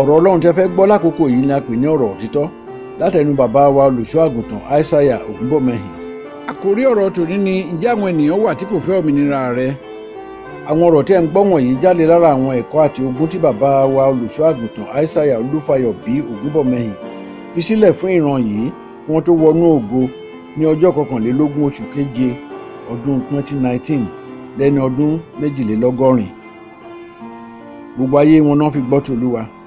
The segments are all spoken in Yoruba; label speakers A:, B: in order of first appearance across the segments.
A: ọ̀rọ̀ ọlọ́run tẹ́ fẹ́ gbọ́ lákòókò yìí ni a pè ní ọ̀rọ̀ òtítọ́ látẹnu bàbá wa olùṣọ́ àgùntàn aishaiya ògúnbọ̀mẹ́hìn. àkòrí ọ̀rọ̀ tòní ni ǹjẹ́ àwọn ènìyàn wà tí kò fẹ́ òmìnira rẹ? àwọn ọ̀rọ̀ tẹ́ ń gbọ́ wọ̀nyí jáde lára àwọn ẹ̀kọ́ àti ogun tí bàbá wa olùṣọ́ àgùntàn aishaiya olúfayọ bí ògúnbọ̀mẹ́hìn fi sílẹ̀ fún ìran yìí kí wọ́n tó wọnú ògo ní ọjọ́ kọkànlélógún oṣù keje ọdún 2019 lẹ́ni ọdún méjìlélọ́gọ́rin gbogbo ayé wọn náà fi gbọ́ tòlúwa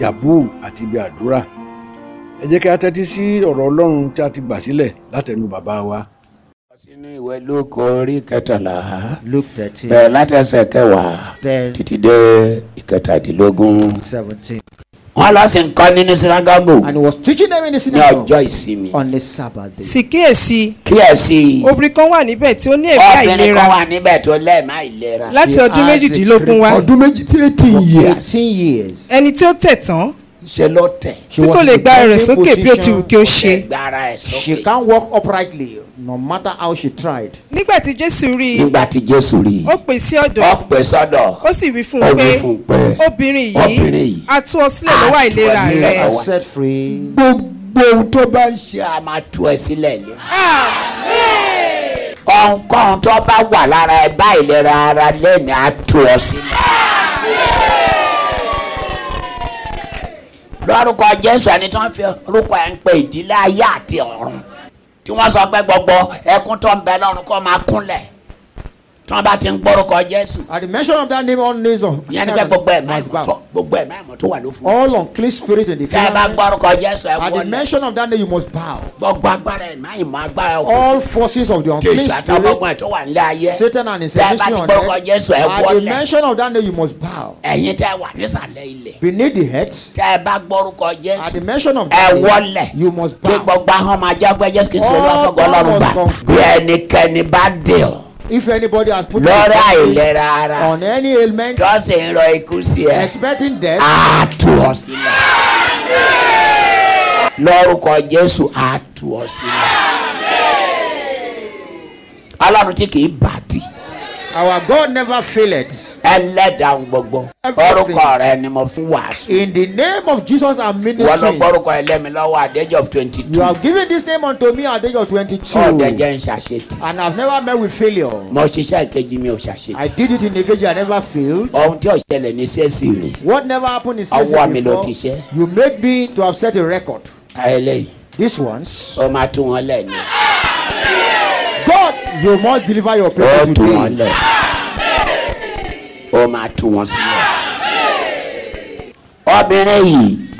A: jàbú àti ibi àdúrà ẹ jẹ́ kí a tẹ́tí sí ọ̀rọ̀ ọlọ́run tí a ti gbà sílẹ̀ látẹnu bàbá wa. sínú ìwé Lúùkù orí kẹtàlá
B: bẹ̀rẹ̀ látẹsẹ̀ kẹwàá títí dé ìkẹtàdínlógún wọn lọ sí nǹkan nínú sinagogo. and he was teaching them in the synagogue. ní ọjọ́ ìsinmi. on the sabbath day. sì
C: kíyèsí. kíyèsí. obìnrin kan wà níbẹ̀ tí ó ní ẹ̀mí àìlera. obìnrin kan wà níbẹ̀ tó lẹ́ẹ̀mí àìlera. láti ọdún méjìdínlógún wá. ọdún méjì thirteen years. Thirteen years. ẹni tí ó tẹ̀ tán ṣe lọ tẹ̀. tí kò lè gba ẹrẹ̀ sókè bí ó ti wù kí ó ṣe.
B: she can't walk
C: uprightly no matter how she tried. nígbà tí jésù rí i. nígbà tí jésù rí i. ó pè sí ọ̀dọ̀. ó pè sọ́dọ̀. ó sì wí fún un pé obìnrin yìí a tú ọ sílẹ̀ lọ́wọ́ àìlera rẹ̀. gbogbo ohun tó bá ń ṣe a máa tú ẹ sílẹ̀ lé.
B: ohunkóhun bá wà lára ẹ bá ìlera ara lẹ́nu á tú ọ sílẹ̀. lórúkọ jésù ẹni tí wọ́n fi orúkọ ẹ̀ ń pe ìdílé ayé àti ọ̀run tí wọ́n sọ pé gbogbo ẹkún tó ń bẹ lọ́run kó máa kúnlẹ̀ tí wọn bá ti ń gbórúkọ jésù. at the mention of that name all knees yẹn ni pé gbogbo ẹ̀ máa mọ̀ gbogbo ẹ̀ máa mọ̀ tó wà ló fún. all unclean spirit in the field. tẹ́ bá gbórúkọ jésù ẹ wọlé. at the mention of that name you must bow. gbogbo agbára ẹ̀ máa ìmọ̀ agbára ọkùnrin. all forces of the unclean spirit. jésù àtọwọ́gbọ̀n tó wà nílé ayé. satan and his mission on earth. tẹ́ bá ti gbórúkọ jésù ẹ wọlé. at the mention of that name you must bow. ẹ̀yin tẹ́ wà nísàlẹ̀ ilẹ̀. beneath the head. tẹ́ bá gbórúkọ jésù. ẹ wọlé. you must bow. gbogbo if anybody has put lọ́rọ̀ àìlera ara on any ailment tó sì ń rọ ikú sí ẹ expecting death á tú ọ sílẹ̀ lórúkọ Jésù á tú ọ sílẹ̀ tí kì í bàdí. our God never failed ẹlẹ́dàá gbogbo orúkọ rẹ ni mo fi wàásù. in the name of Jesus and ministry. wọ́n lọ gbọ́rúkọ ẹlẹ́mi lọ́wọ́ at age of twenty two. you have given this name unto me at age of twenty two. ọ̀dẹ̀ jẹ́ n ṣàṣetì. and I have never met with failure. mo ṣiṣẹ́ ìkejì mi ò ṣàṣetì. I did it in the kejì I never failed. ohun tí ò ṣẹlẹ̀ ní sẹ́sì rè. what never happened in sẹ́sì before. ọwọ́ mi ló ti ṣe. you made me to have set a record. ayẹlẹ́yìn. this ones. o máa tún wọn lẹ́nu. God you must deliver your people today. o tún wọn lẹ́nu ó máa tú wọn sílẹ̀ obìnrin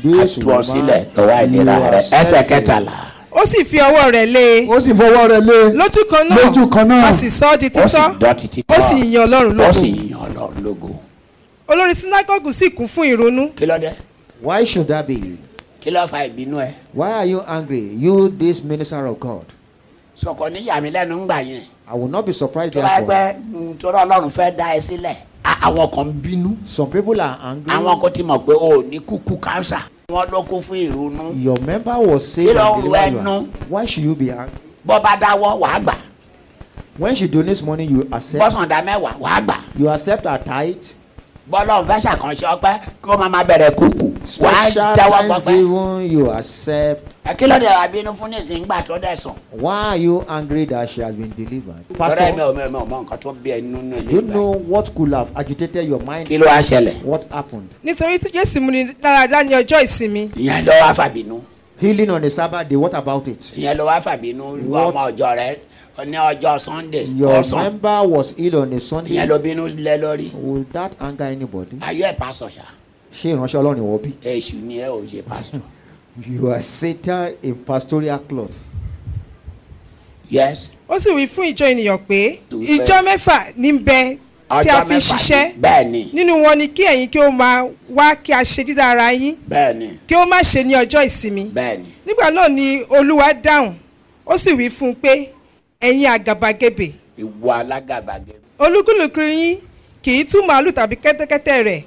B: yìí á tú ọ sílẹ̀
C: lọ́wọ́ ìlera rẹ̀ ẹsẹ̀ kẹtàlá ó sì fi ọwọ́ rẹ̀ lé e. ó sì fọwọ́ rẹ̀ lé e. lójú kan náà lójú kan náà a sì sọ ọ́ di títọ́ ó sì yìn ọlọ́run lógo. ó sì yìn
B: ọlọ́run lógo.
C: olórí sinagogu sì kún fún ìrònú. kí ló dé. why should
B: that be you. kí ló fa ìbínú ẹ. why are you angry you this minister of God. sọkọ níyàmí lẹ́nu ń gbà yẹn. I will not be surprised therefore. tó bá gbẹ tó rọ ọlọ́run fẹ́ dá ẹ sílẹ̀ àwọn kan bínú. some people are angry. àwọn kan ti mọ̀ pé o ní kúkú kánsà. wọ́n ló kún fún ìrònú. your member was saying that you are no. why should you be angry. bọ́ bá dáwọ́ wàá gbà. when she donates money you accept. bọ́sàn dá mẹ́wàá wàá gbà. you accept her tithe bọ́lọ́run fẹ́ ṣàkànṣe ọpẹ́ kí ó máa bẹ̀rẹ̀ kúkú wàá jẹ́wọ́ pọpẹ́. you accept. ẹ kí ló dé wàá bínú fún nísìnyí gbà tó dẹ̀ why are you angry that she has been delivered. pastor ọ̀rẹ́ mi ò
C: mọ̀ mọ̀ nǹkan tó bí ẹ nínú ilé. you
B: know what could have agitated your mind. kí ló wá ṣẹlẹ̀. what happened.
C: nítorí tí jésù mú ni dáradára ní ọjọ́ ìsinmi. ìyẹn
B: ló wá fàbínú. healing on a Sabbath day what about it. ìyẹn ló
C: wá fàbínú
B: lu ọmọ ọjọ́ rẹ̀ ní ọjọ́ sunday your ọ̀sán. member was ill on a sunday. ìyẹn ló bínú lé lórí. will that anger anybody. ayé ẹ̀ pásọ̀ ṣá. ṣé ìránṣẹ́ ọlọ́run ìwọ bí. èṣù ni ẹ ò ṣe pásítọ̀. you are satan in pastoral cloth. yes.
C: ó sì wí fún ìjọ ènìyàn pé ìjọ mẹ́fà ní bẹ tí a fi ṣiṣẹ́ nínú wọn ni kí ẹ̀yin kí ó máa wá kí a ṣe dídára yín kí ó má ṣe ní ọjọ́ ìsinmi nígbà náà ni olúwa dáhùn ó sì wí fún un pé ẹ̀yin àgàbàgebè. ìwọ alágàbàgebè. olúkúlùkù yín kì í tú màálù tàbí kẹ́tẹ́kẹ́tẹ́ rẹ̀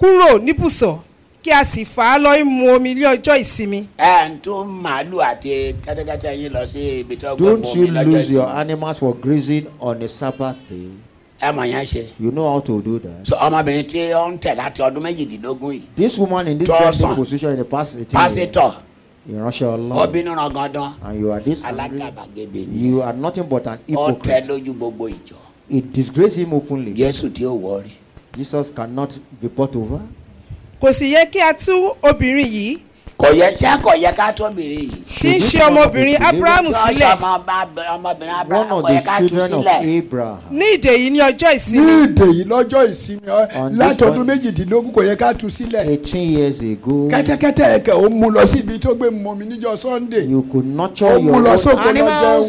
C: kúrò níbùsọ̀ kí a sì fà á lọ mu omi ní ọjọ́ ìsinmi. ẹ ń tún màálù àti kẹ́tẹ́kẹ́tẹ́ yín lọ sí ibi tó gbọ́ mu omi lọ́jọ́ ìsinmi. don't you lose your
B: animals for grazing on a Sabbath day ẹ mọ̀ yẹn ṣe. you know how to do that. so ọmọbìnrin tí ó ń tẹ̀ láti ọdún méjìdínlógún yìí. this woman in this person position in the past eighteen years. pásítọ̀ ìránṣẹ́ ọlọ́run. ọbínú rangandan. and you are this alágàbàgebè ni. you are nothing but an hypocrite. ọtẹ lójú gbogbo ìjọ. it disgrace him openly. Jésù tí ó wọrí. Jesus cannot be bought over.
C: kò sì yẹ kí a tú obìnrin yìí kọ̀yẹ ṣé kọ̀yẹ ká tó bèrè yìí. tí ń ṣe ọmọbìnrin abrahamu sílẹ̀.
B: ọmọbìnrin abrahamu kọ̀yẹ ká tú sílẹ̀. ní ìdè
C: yìí ní ọjọ́ ìsinmi. ní ìdè
B: yìí lọ́jọ́ ìsinmi látọdún méjìdínlógún kọ̀yẹ ká tú sílẹ̀. eighteen years ago. kẹ́tẹ́kẹ́tẹ́ ẹ̀kẹ́ ó mú lọ síbi tó gbé mọ̀mí níjọ́ sunday. you could nurture your own animals. ó mú lọ sóko lọ jẹun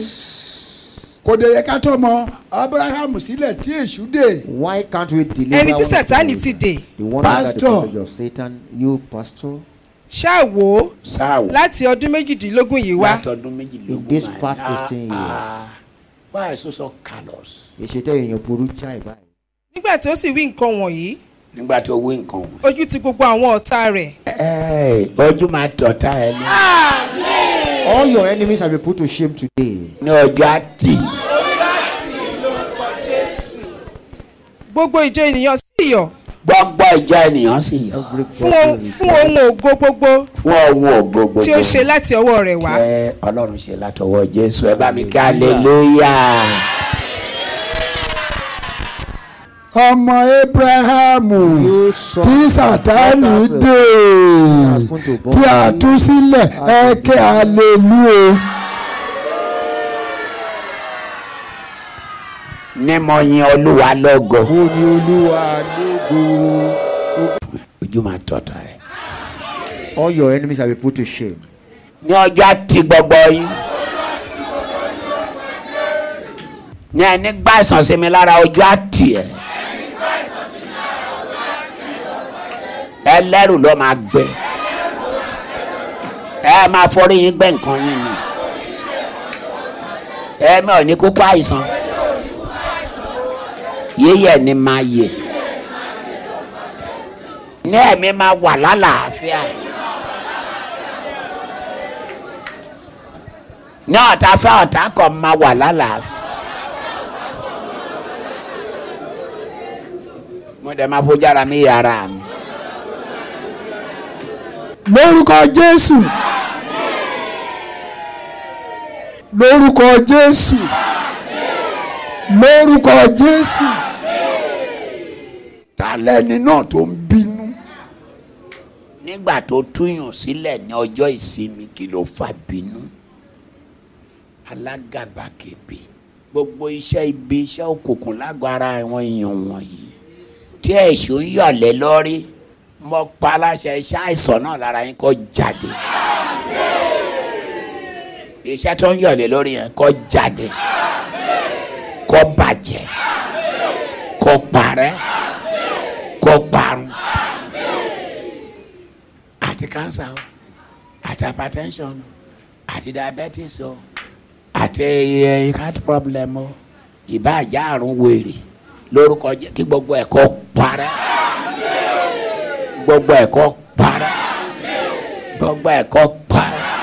B: kò dé yẹ ká tọ́ mọ abraham sílẹ̀ tí èṣù dé. why can't we deliver one of you. ẹni tí sátánì ti dé. pastor. the of satan you pastor
C: ṣáàwó láti ọdún méjìdínlógún yìí wá. láti ọdún
B: méjìdínlógún in this past eighteen ah, years. Ah.
C: why so so callous.
B: ìṣètò èèyàn burú jáì báyìí.
C: nígbà tí ó sì wí nǹkan wọ̀nyí. nígbà tí ó wí nǹkan wọ̀nyí. ojú ti gbogbo àwọn ọ̀tá rẹ̀.
B: ojú máa tọ̀ ẹ ní. all your enemies have been put to shame today.
C: ní ọjọ́ àti. ọjọ́ àti lórúkọ Jésù. gbogbo ìjọ ènìyàn sì yọ̀ gbogbo ìjà ènìyàn sì yọ. fún ohun ògo gbogbo. fún ohun ògo gbogbo. tí ó ṣe láti ọwọ́ rẹ̀ wá. ẹ ọlọ́run ṣe láti ọwọ́ jésù ẹ bá
B: mi kí aleluya. ọmọ abrahamu tí sátánì dè tí a tú sílẹ̀
C: ẹ kí aleluya.
B: ní mo yin olúwa lógo. mo yin olúwa lógo. ojú máa tọ́ta ẹ. all your enemies have been put to shame. ní ọjọ́ àti gbogbo yín. ní ẹni gbà ìsàn sí mi lára ọjọ́ àti ẹ. ẹlẹ́rù ló máa gbé ẹ máa forí yín gbé nǹkan yín ni ẹ mi ò ní kókó àìsàn yíyẹ ni máa yẹ ní ẹ̀mí máa wà lálàáfíà ní ọ̀tá fẹ́ ọ̀tá kọ̀ máa wà lálàáfíà. mo dẹ̀ máa fojú ara mi yàrá mi.
C: lórúkọ Jésù lórúkọ Jésù lórúkọ Jésù
B: ta lẹni náà tó ń bínú nígbà tó túyàn sílẹ̀ ní ọjọ́ ìsinmi kí ló fà bínú alágàbàgebè gbogbo iṣẹ́ ibi iṣẹ́ òkùnkùn lágbára àwọn èèyàn wọ̀nyí tí èṣù ń yọ̀lẹ́ lórí mo pa aláṣẹ iṣẹ́ àìsàn náà lára yín kó jáde iṣẹ́ tó ń yọ̀lẹ́ lórí yẹn kó jáde kó bàjẹ́ kó parẹ́ kọ parun àti kánsà o àti hypertension o àti diabetes o àti heart problem o ìbá àjà àrùn wèrè lórúkọ jẹ́ kí gbogbo ẹ̀kọ́ parẹ́ gbogbo ẹ̀kọ́ parẹ́ gbogbo ẹ̀kọ́ parẹ́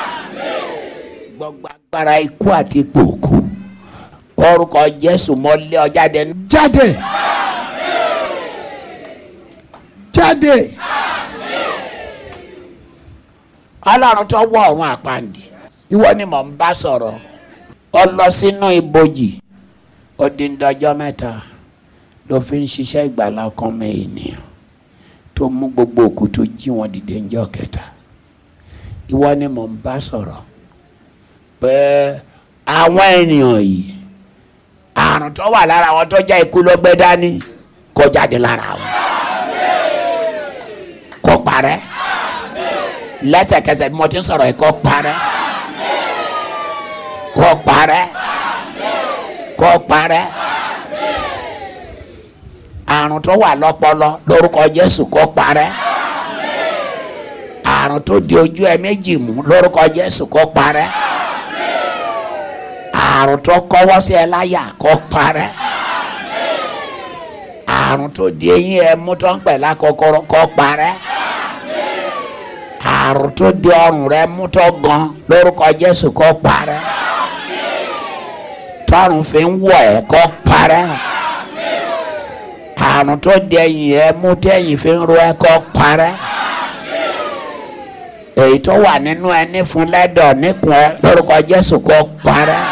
B: gbogbo agbára ikú àti gbòòkú orúkọ Jésù mọ́lẹ́ ọ jáde. jáde. jáde jáde ọlọ́run tó wọ ọ̀run àpáǹdì ìwọ ni mò ń bá sọ̀rọ̀ ọ lọ sínú ibojì ó dín dọjọ́ mẹ́ta ló fi ń ṣiṣẹ́ ìgbàlá kan mẹ́ ènìyàn tó mú gbogbo òkú tó jí wọn dìde ńjọ́ kẹta ìwọ ni mò ń bá sọ̀rọ̀ pé àwọn ènìyàn yìí àrùn tó wà lára wọn tó jẹ́ ikú ló gbé lára wọn parẹ́ lẹ́sẹ̀kẹsẹ̀ bí mo ti ń sọ̀rọ̀ yìí kó parẹ́ kó parẹ́ kó parẹ́ àrùn tó wà lọ́pọlọ lórúkọ Jésù kó parẹ́ àrùn tó di ojú ẹ méjì mú lórúkọ Jésù kó parẹ́ àrùn tó kọ́wọ́ sí ẹ láyà kó parẹ́ àrùn tó di eyín ẹ mú tó ń pẹ̀ lákòókò kó parẹ́ àrùn tó di ọrùn rẹ mú tó gan lórúkọ jésù kó parẹ́ tọrùn fi ń wọ̀ ẹ́ kó parẹ́ àrùn tó di ẹ̀yìn ẹ mú tẹ̀yìn fi ń ro ẹ kó parẹ́ èyí tó wà nínú ẹ nífun lẹ́dọ̀ níkùn ẹ lórúkọ jésù kó parẹ́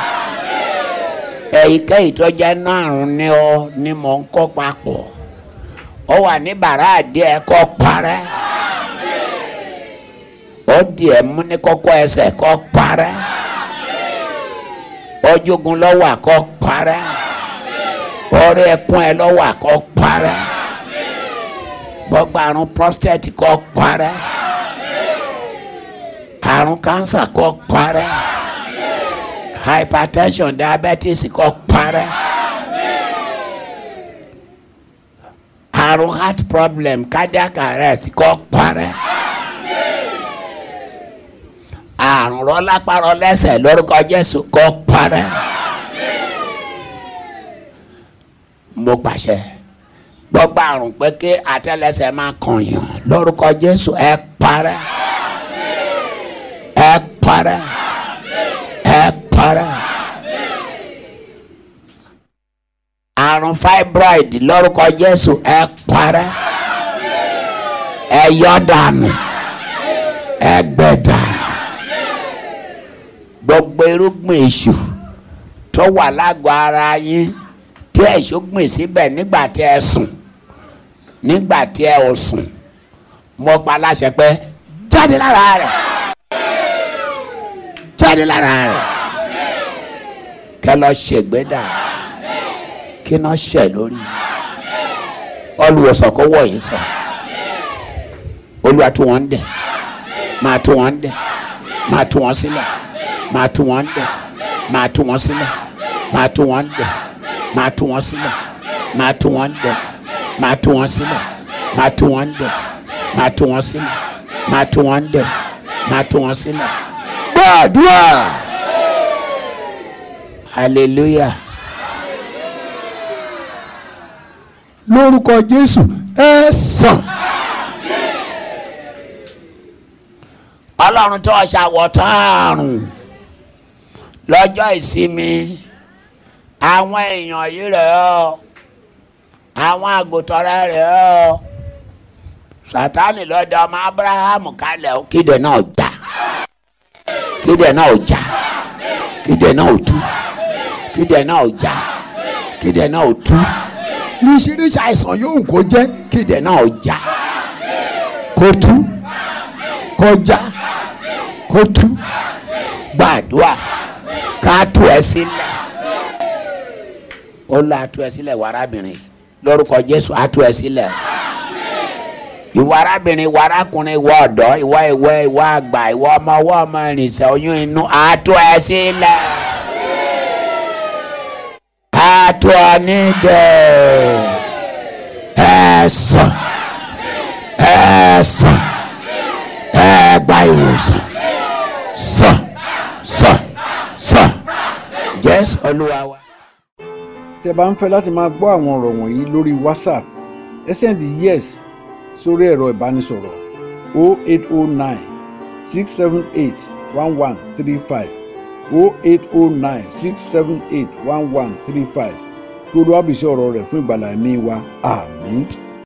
B: èyíkéyìí tó jẹ́ náà àrùn ni ọ ni mò ń kó papọ̀ ó wà ní bàrá àdìẹ kó parẹ́. ọdìẹ̀mú ní kọ́kọ́ ẹsẹ̀ kọ́ parẹ́ ọjọ́gun lọ́wọ́ àkọ́ parẹ́ ọrẹ ẹkún ẹ lọ́wọ́ àkọ́ parẹ́ gbọ́gbà àrùn prostate kọ́ parẹ́ àrùn cancer kọ́ parẹ́ hypertension diabetes kọ́ parẹ́ àrùn heart problem cardiac arrest kọ́ parẹ́. àrùn rọlápárọ lẹ́sẹ̀ lórúkọ Jésù kó parẹ́ mo pàṣẹ gbogbo àrùn pé kí àtẹ́lẹsẹ̀ máa kọyàn lórúkọ Jésù ẹ parẹ́ ẹ parẹ́ ẹ parẹ́ àrùn fibroid lórúkọ Jésù ẹ parẹ́ ẹ yọ dànù ẹ gbẹ gbogbo irúgbìn èṣù tó wà lágọ̀ ara yín tí èṣù gbìn síbẹ̀ nígbà tí ẹ sùn nígbà tí ẹ ò sùn mo pa láṣẹ pé jáde lára rẹ̀ jáde lára rẹ̀ kẹ lọ ṣègbè dà kí náà ṣẹ lórí olùwòsàn kó wọ̀ yín sàn olúwa tó ń dẹ̀ máa tó wọn ń dẹ̀ máa tó wọn sílẹ̀ máa tú wọn dẹ máa tú wọn sílẹ̀ máa tú wọn dẹ máa tú wọn sílẹ̀ máa tú wọn dẹ máa tú wọn sílẹ̀ máa tú wọn dẹ máa tú wọn sílẹ̀ máa tú wọn dẹ máa tú wọn sílẹ̀ gbàdúrà hallelujah lórúkọ Jésù ẹ sàn. ọlọ́run tó ṣàwọ̀ tán àrùn lọ́jọ́ ìsinmi àwọn èèyàn yìí rẹ̀ ọ́ àwọn àgùntàn rẹ̀ ọ́ sátánì lọ́dọ̀ ọmọ abrahamu kalẹ̀ ó kídẹ̀ náà jà kídẹ̀ náà jà kídẹ̀ náà tú kídẹ̀ náà jà kídẹ̀ náà tú oríṣiríṣi àìsàn yóò kó jẹ́ kídẹ̀ náà jà kó tú kó jà kó tú gbàdúrà ká tú ẹ sílẹ̀ ó lọ àtú ẹ sílẹ̀ wà arábìnrin lórúkọ Jésù àtú ẹ sílẹ̀ ìwà arábìnrin ìwà arákùnrin ìwà ọ̀dọ́ ìwà ìwà ìwà àgbà ìwà ọmọ ọwọ́ ọmọ ìrìnsẹ̀ oyún inú àtú ẹ sílẹ̀ àtú ọ nídẹ̀ ẹ sàn ìwòsàn.
A: Bless Olúwa wa. tí ẹ bá ń fẹ́ láti máa gbọ́ àwọn ọ̀rọ̀ wọ̀nyí lórí WhatsApp ẹ send yes sórí ẹ̀rọ ìbánisọ̀rọ̀ 0809 678 1135 0809 678 1135 kí Olúwa bùsí ọ̀rọ̀ rẹ̀ fún ìgbàlá ẹ̀mí wa àmín. Ah,